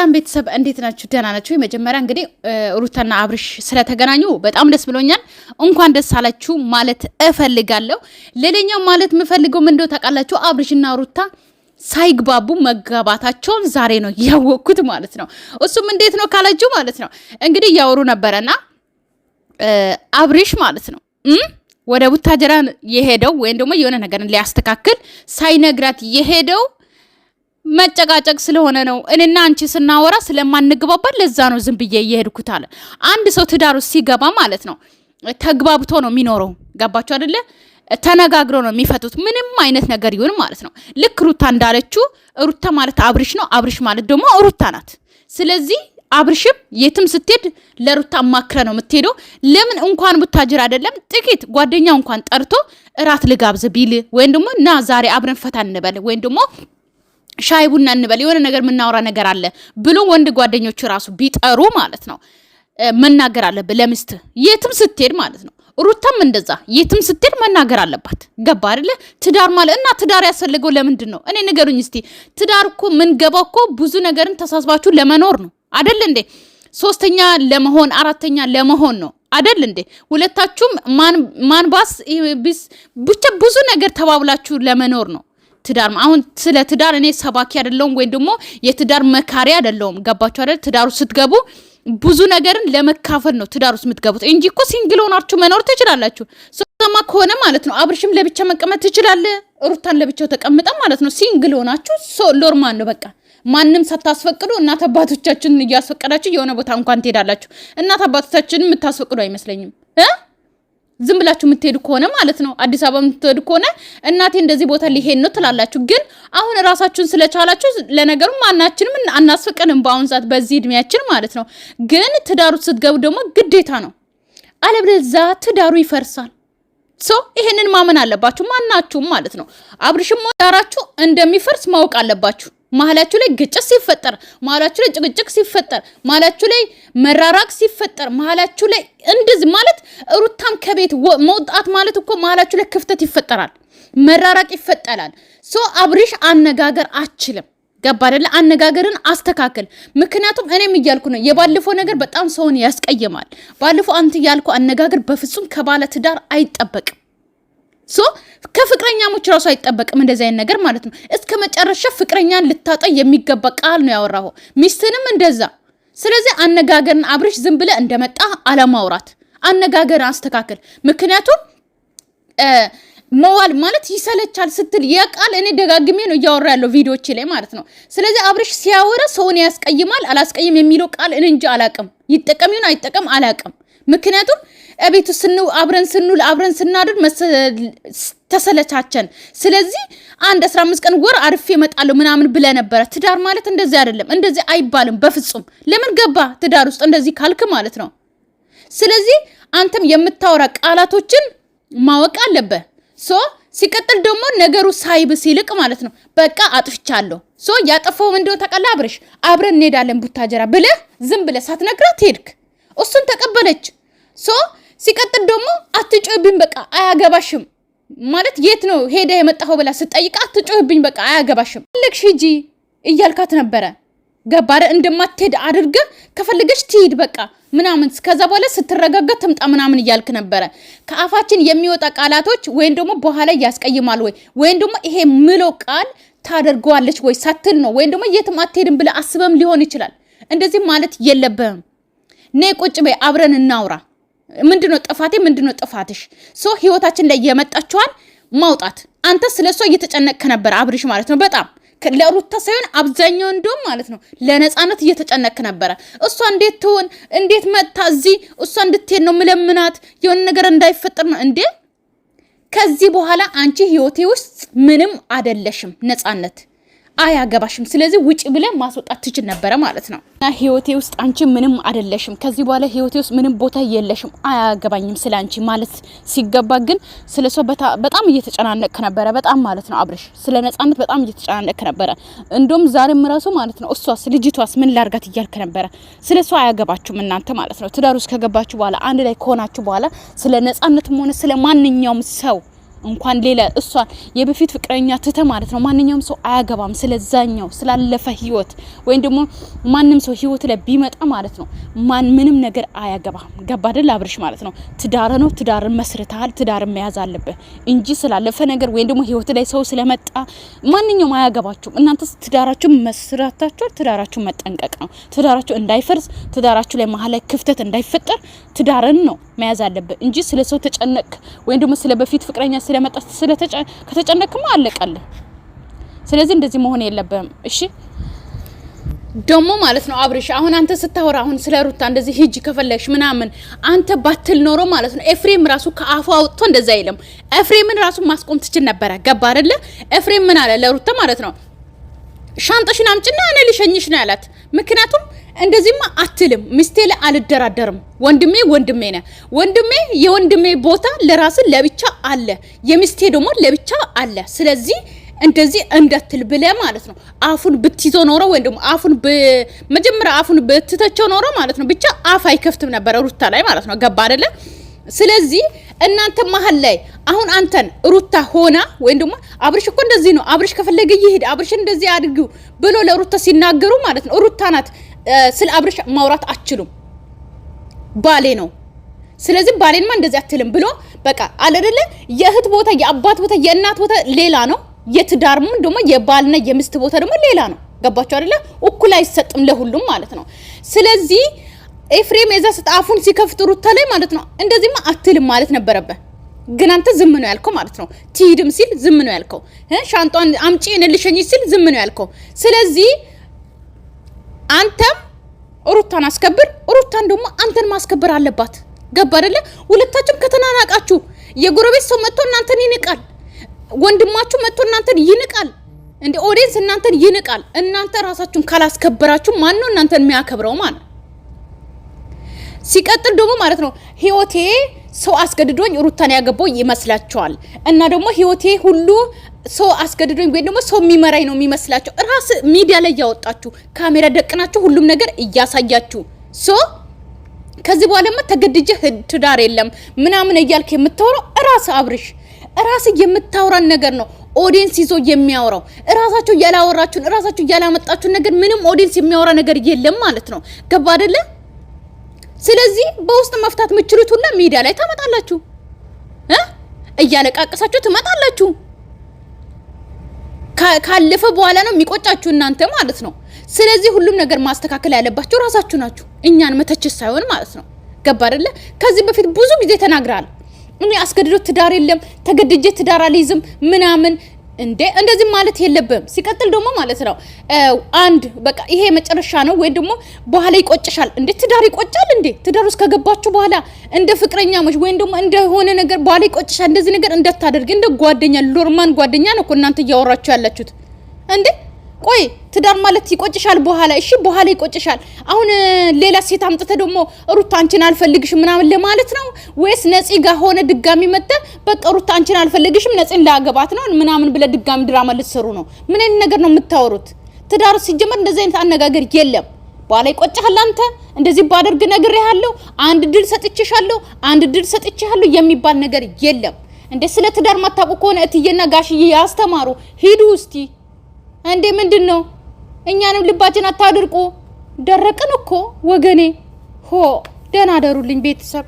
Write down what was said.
ሰላም ቤተሰብ እንዴት ናችሁ? ደህና ናችሁ? የመጀመሪያ እንግዲህ ሩታና አብርሽ ስለተገናኙ በጣም ደስ ብሎኛል። እንኳን ደስ አላችሁ ማለት እፈልጋለሁ። ሌላኛው ማለት የምፈልገው እንደው ታውቃላችሁ? አብርሽና ሩታ ሳይግባቡ መጋባታቸውን ዛሬ ነው ያወቅኩት ማለት ነው። እሱም እንዴት ነው ካላችሁ ማለት ነው እንግዲህ እያወሩ ነበረና አብርሽ ማለት ነው ወደ ቡታጀራ የሄደው ወይም ደግሞ የሆነ ነገርን ሊያስተካክል ሳይነግራት የሄደው መጨቃጨቅ ስለሆነ ነው። እኔና አንቺ ስናወራ ስለማንግባባል ለዛ ነው ዝም ብዬ እየሄድኩት አለ። አንድ ሰው ትዳሩ ሲገባ ማለት ነው ተግባብቶ ነው የሚኖረው። ገባችሁ አደለ? ተነጋግሮ ነው የሚፈቱት ምንም አይነት ነገር ይሁን ማለት ነው። ልክ ሩታ እንዳለችው ሩታ ማለት አብርሽ ነው፣ አብርሽ ማለት ደግሞ ሩታ ናት። ስለዚህ አብርሽም የትም ስትሄድ ለሩታ ማክረ ነው የምትሄደው። ለምን እንኳን ቡታጅር አይደለም ጥቂት ጓደኛው እንኳን ጠርቶ እራት ልጋብዝ ቢል ወይም ደግሞ ና ዛሬ አብረን ፈታ እንበል ወይም ደግሞ ሻይ ቡና እንበል የሆነ ነገር የምናወራ ነገር አለ ብሎ ወንድ ጓደኞቹ ራሱ ቢጠሩ ማለት ነው መናገር አለብህ ለምስት የትም ስትሄድ ማለት ነው። ሩታም እንደዛ የትም ስትሄድ መናገር አለባት። ገባ አይደለ? ትዳር ማለት እና ትዳር ያስፈልገው ለምንድን ነው? እኔ ንገሩኝ እስቲ። ትዳር እኮ የምንገባው እኮ ብዙ ነገርን ተሳስባችሁ ለመኖር ነው አደል እንዴ? ሶስተኛ ለመሆን አራተኛ ለመሆን ነው አደል እንዴ? ሁለታችሁም ማንባስ ብቻ ብዙ ነገር ተባብላችሁ ለመኖር ነው ትዳር አሁን ስለ ትዳር እኔ ሰባኪ አይደለሁም ወይም ደግሞ የትዳር መካሪ አይደለሁም። ገባችሁ አይደል? ትዳሩ ስትገቡ ብዙ ነገርን ለመካፈል ነው ትዳር ውስጥ የምትገቡት እንጂ እኮ ሲንግል ሆናችሁ መኖር ትችላላችሁ። ሰማ ከሆነ ማለት ነው አብርሽም ለብቻ መቀመጥ ትችላለ፣ ሩታን ለብቻው ተቀምጠ ማለት ነው። ሲንግል ሆናችሁ ሎርማን ነው በቃ ማንም ሳታስፈቅዱ እናት አባቶቻችንን እያስፈቀዳችሁ የሆነ ቦታ እንኳን ትሄዳላችሁ። እናት አባቶቻችን የምታስፈቅዱ አይመስለኝም እ ዝም ብላችሁ የምትሄዱ ከሆነ ማለት ነው፣ አዲስ አበባ የምትሄዱ ከሆነ እናቴ እንደዚህ ቦታ ሊሄድ ነው ትላላችሁ። ግን አሁን ራሳችሁን ስለቻላችሁ፣ ለነገሩ ማናችንም አናስፈቅንም በአሁን ሰዓት በዚህ እድሜያችን ማለት ነው። ግን ትዳሩ ስትገቡ ደግሞ ግዴታ ነው፣ አለበለዚያ ትዳሩ ይፈርሳል። ሶ ይሄንን ማመን አለባችሁ ማናችሁም ማለት ነው። አብርሽም ዳራችሁ እንደሚፈርስ ማወቅ አለባችሁ። መሀላችሁ ላይ ግጭት ሲፈጠር፣ መሀላችሁ ላይ ጭቅጭቅ ሲፈጠር፣ መሀላችሁ ላይ መራራቅ ሲፈጠር፣ መሀላችሁ ላይ እንድዝ ማለት ሩታም ከቤት መውጣት ማለት እኮ መሀላችሁ ላይ ክፍተት ይፈጠራል፣ መራራቅ ይፈጠራል። ሶ አብሪሽ አነጋገር አችልም። ገባ አይደለ? አነጋገርን አስተካከል። ምክንያቱም እኔም እያልኩ ነው የባለፈው ነገር በጣም ሰውን ያስቀይማል። ባለፈው አንተ ያልኩ አነጋገር በፍጹም ከባለ ትዳር አይጠበቅም። ሶ ከፍቅረኛሞች ራሱ አይጠበቅም እንደዚህ አይነት ነገር ማለት ነው። እስከ መጨረሻ ፍቅረኛን ልታጣ የሚገባ ቃል ነው ያወራሁ፣ ሚስትንም እንደዛ። ስለዚህ አነጋገርን አብርሽ ዝም ብለ እንደመጣ አለማውራት፣ አነጋገርን አስተካክል። ምክንያቱም መዋል ማለት ይሰለቻል ስትል የቃል እኔ ደጋግሜ ነው እያወራ ያለው ቪዲዮች ላይ ማለት ነው። ስለዚህ አብርሽ ሲያወራ ሰውን ያስቀይማል አላስቀይም የሚለው ቃል እኔ እንጂ አላቅም፣ ይጠቀም ይሁን አይጠቀም አላቅም። ምክንያቱም ቤት ውስጥ አብረን ስንውል አብረን ስናድር ተሰለቻቸን። ስለዚህ አንድ 15 ቀን ወር አርፌ እመጣለሁ ምናምን ብለ ነበረ። ትዳር ማለት እንደዚህ አይደለም፣ እንደዚህ አይባልም በፍጹም። ለምን ገባ ትዳር ውስጥ እንደዚህ ካልክ ማለት ነው። ስለዚህ አንተም የምታወራ ቃላቶችን ማወቅ አለበት። ሶ ሲቀጥል ደግሞ ነገሩ ሳይብ ሲልቅ ማለት ነው በቃ አጥፍቻለሁ። ሶ ያጠፋው እንደው ተቀላ አብረሽ አብረን እንሄዳለን ቡታጀራ ብለህ ዝም ብለህ ሳትነግራት ሄድክ። እሱን ተቀበለች ሶ ሲቀጥል ደግሞ አትጮህብኝ፣ በቃ አያገባሽም ማለት የት ነው ሄደ የመጣኸው ብላ ስጠይቅ አትጮህብኝ፣ በቃ አያገባሽም ልክሽ ሂጂ እያልካት ነበረ። ገባረ እንደማትሄድ አድርገ ከፈለገች ትሂድ በቃ ምናምን እስከዛ በኋላ ስትረጋጋ ትምጣ ምናምን እያልክ ነበረ። ከአፋችን የሚወጣ ቃላቶች ወይም ደግሞ በኋላ ያስቀይማል ወይ ወይም ደግሞ ይሄ ምሎ ቃል ታደርገዋለች ወይ ሳትል ነው ወይም ደግሞ የትም አትሄድም ብለ አስበም ሊሆን ይችላል። እንደዚህ ማለት የለብህም። ኔ ቁጭ በይ አብረን እናውራ ምንድነው ጥፋቴ? ምንድነው ጥፋትሽ? ሶ ህይወታችን ላይ የመጣችኋል ማውጣት። አንተ ስለ እሷ እየተጨነቅክ ነበር አብርሽ ማለት ነው። በጣም ለሩታ ሳይሆን አብዛኛው እንዲሁም ማለት ነው ለነፃነት እየተጨነቅክ ነበረ። እሷ እንዴት ትሆን? እንዴት መጥታ እዚህ እሷ እንድትሄድ ነው ምለምናት? የሆነ ነገር እንዳይፈጠር ነው እንዴ? ከዚህ በኋላ አንቺ ህይወቴ ውስጥ ምንም አደለሽም ነፃነት አያገባሽም፣ ስለዚህ ውጭ ብለን ማስወጣት ትችል ነበረ ማለት ነው። እና ህይወቴ ውስጥ አንቺ ምንም አይደለሽም፣ ከዚህ በኋላ ህይወቴ ውስጥ ምንም ቦታ የለሽም፣ አያገባኝም ስለ አንቺ ማለት ሲገባ ግን ስለ ሰው በጣም እየተጨናነቅክ ነበረ። በጣም ማለት ነው አብርሽ፣ ስለ ነጻነት በጣም እየተጨናነቅክ ነበረ። እንዲሁም ዛሬም ራሱ ማለት ነው እሷስ ልጅቷስ ምን ላርጋት እያልክ ነበረ። ስለ ሰው አያገባችሁም እናንተ ማለት ነው። ትዳር ውስጥ ከገባችሁ በኋላ አንድ ላይ ከሆናችሁ በኋላ ስለ ነጻነትም ሆነ ስለ ማንኛውም ሰው እንኳን ሌላ እሷን የበፊት ፍቅረኛ ትተ ማለት ነው። ማንኛውም ሰው አያገባም ስለዛኛው ስላለፈ ህይወት ወይም ደግሞ ማንም ሰው ህይወት ላይ ቢመጣ ማለት ነው ማን ምንም ነገር አያገባም። ገባ አይደል አብርሽ ማለት ነው። ትዳር ነው፣ ትዳርን መስርተሃል፣ ትዳርን መያዝ አለብህ እንጂ ስላለፈ ነገር ወይም ደግሞ ህይወት ላይ ሰው ስለመጣ ማንኛውም አያገባችሁም። እናንተ ትዳራችሁ መስራታችሁ ትዳራችሁ መጠንቀቅ ነው። ትዳራችሁ እንዳይፈርስ፣ ትዳራችሁ ላይ መሀል ላይ ክፍተት እንዳይፈጠር ትዳርን ነው መያዝ አለብህ እንጂ ስለ ሰው ተጨነቅ ወይም ደግሞ ስለ በፊት ፍቅረኛ ስለመጣ ከተጨነክማ አለቀልህ። ስለዚህ እንደዚህ መሆን የለብህም። እሺ ደግሞ ማለት ነው አብርሽ፣ አሁን አንተ ስታወራ አሁን ስለ ሩታ እንደዚህ ሂጅ ከፈለግሽ ምናምን አንተ ባትል ኖሮ ማለት ነው ኤፍሬም ራሱ ከአፉ አውጥቶ እንደዛ አይልም። ኤፍሬምን ራሱ ማስቆም ትችል ነበረ። ገባ አይደለ? ኤፍሬም ምን አለ ለሩታ ማለት ነው ሻንጣሽን አምጭና እኔ ልሸኝሽ ነው ያላት። ምክንያቱም እንደዚህማ አትልም። ሚስቴ ላይ አልደራደርም። ወንድሜ ወንድሜ ነ ወንድሜ የወንድሜ ቦታ ለራስን ለብቻ አለ፣ የሚስቴ ደግሞ ለብቻ አለ። ስለዚህ እንደዚህ እንደትል ብለ ማለት ነው። አፉን ብትይዞ ኖሮ ወይም ደግሞ አፉን መጀመሪያ አፉን ብትተቸው ኖሮ ማለት ነው ብቻ አፍ አይከፍትም ነበረ ሩታ ላይ ማለት ነው። ገባ አደለ? ስለዚህ እናንተ መሀል ላይ አሁን አንተን ሩታ ሆና ወይም ደግሞ አብርሽ እኮ እንደዚህ ነው፣ አብርሽ ከፈለገ ይሄድ፣ አብርሽ እንደዚህ አድርጊው ብሎ ለሩታ ሲናገሩ ማለት ነው ሩታ ናት ስለ አብርሽ ማውራት አችሉም ባሌ ነው ስለዚህ ባሌንማ እንደዚህ አትልም ብሎ በቃ አለደለ የእህት ቦታ የአባት ቦታ የእናት ቦታ ሌላ ነው። የትዳርም ደግሞ የባልና የሚስት ቦታ ደግሞ ሌላ ነው። ገባቸው አይደለ? እኩል አይሰጥም ለሁሉም ማለት ነው። ስለዚህ ኤፍሬም የዛ ስጣፉን ሲከፍት ሩታ ላይ ማለት ነው እንደዚህማ አትልም ማለት ነበረብህ። ግን አንተ ዝም ነው ያልከው ማለት ነው። ትሂድም ሲል ዝም ነው ያልከው። ሻንጧን አምጪ እንልሸኝ ሲል ዝም ነው ያልከው። ስለዚህ አንተም ሩታን አስከብር፣ ሩታን ደግሞ አንተን ማስከበር አለባት። ገባ አይደለ? ሁለታችሁም ከተናናቃችሁ የጎረቤት ሰው መጥቶ እናንተን ይንቃል። ወንድማችሁ መጥቶ እናንተን ይንቃል። እንደ ኦዲየንስ እናንተን ይንቃል። እናንተ ራሳችሁን ካላስከበራችሁ ማን ነው እናንተን የሚያከብረው ማለት? ሲቀጥል ደግሞ ማለት ነው ህይወቴ ሰው አስገድዶኝ ሩታን ያገባው ይመስላችኋል? እና ደግሞ ህይወቴ ሁሉ ሰው አስገድዶኝ ወይም ደግሞ ሰው የሚመራኝ ነው የሚመስላቸው እራስ ሚዲያ ላይ እያወጣችሁ ካሜራ ደቅናችሁ ሁሉም ነገር እያሳያችሁ ሶ ከዚህ በኋላማ ተገድጄ ትዳር የለም ምናምን እያልክ የምታወራው ራስ አብርሽ እራስ የምታወራን ነገር ነው ኦዲየንስ ይዞ የሚያወራው እራሳችሁ ያላወራችሁን እራሳችሁ ያላመጣችሁን ነገር ምንም ኦዲንስ የሚያወራ ነገር የለም ማለት ነው። ገባ አይደለ? ስለዚህ በውስጥ መፍታት የምችሉት ሁላ ሚዲያ ላይ ታመጣላችሁ እያለቃቀሳችሁ ትመጣላችሁ። ካለፈ በኋላ ነው የሚቆጫችሁ እናንተ ማለት ነው። ስለዚህ ሁሉም ነገር ማስተካከል ያለባችሁ ራሳችሁ ናችሁ፣ እኛን መተችት ሳይሆን ማለት ነው። ገባ አይደለ? ከዚህ በፊት ብዙ ጊዜ ተናግራል። እኔ አስገድዶ ትዳር የለም ተገድጄ ትዳር አልይዝም ምናምን እንዴ እንደዚህ ማለት የለብም። ሲቀጥል ደግሞ ማለት ነው አንድ በቃ ይሄ መጨረሻ ነው ወይም ደግሞ በኋላ ይቆጭሻል እንዴ? ትዳር ይቆጫል እንዴ? ትዳር ውስጥ ከገባችሁ በኋላ እንደ ፍቅረኛሞች ወይም ደግሞ እንደሆነ ነገር በኋላ ይቆጭሻል። እንደዚህ ነገር እንደታደርግ እንደ ጓደኛ ሎርማን ጓደኛ ነው እኮ እናንተ እያወራችሁ ያላችሁት እንዴ ቆይ ትዳር ማለት ይቆጭሻል በኋላ እሺ፣ በኋላ ይቆጭሻል። አሁን ሌላ ሴት አምጥተ ደግሞ ሩታ አንቺን አልፈልግሽም ምናምን ለማለት ነው ወይስ ነፂ ጋር ሆነ ድጋሚ መጥተ በቃ ሩታ አንቺን አልፈልግሽም ነፂን ላገባት ነው ምናምን ብለ ድጋሚ ድራማ ልትሰሩ ነው? ምን አይነት ነገር ነው የምታወሩት? ትዳር ሲጀመር እንደዚህ አይነት አነጋገር የለም። በኋላ ይቆጭሃል። አንተ እንደዚህ ባደርግ ነግሬሃለሁ፣ አንድ ድል ሰጥቼሻለሁ፣ አንድ ድል ሰጥቼሃለሁ የሚባል ነገር የለም። እንደ ስለ ትዳር ማታውቁ ከሆነ እትዬና ጋሽዬ ያስተማሩ ሂዱ እስቲ እንዴ ምንድን ነው? እኛንም ልባችን አታድርቁ። ደረቅን እኮ ወገኔ። ሆ ደህና አደሩልኝ ቤተሰብ።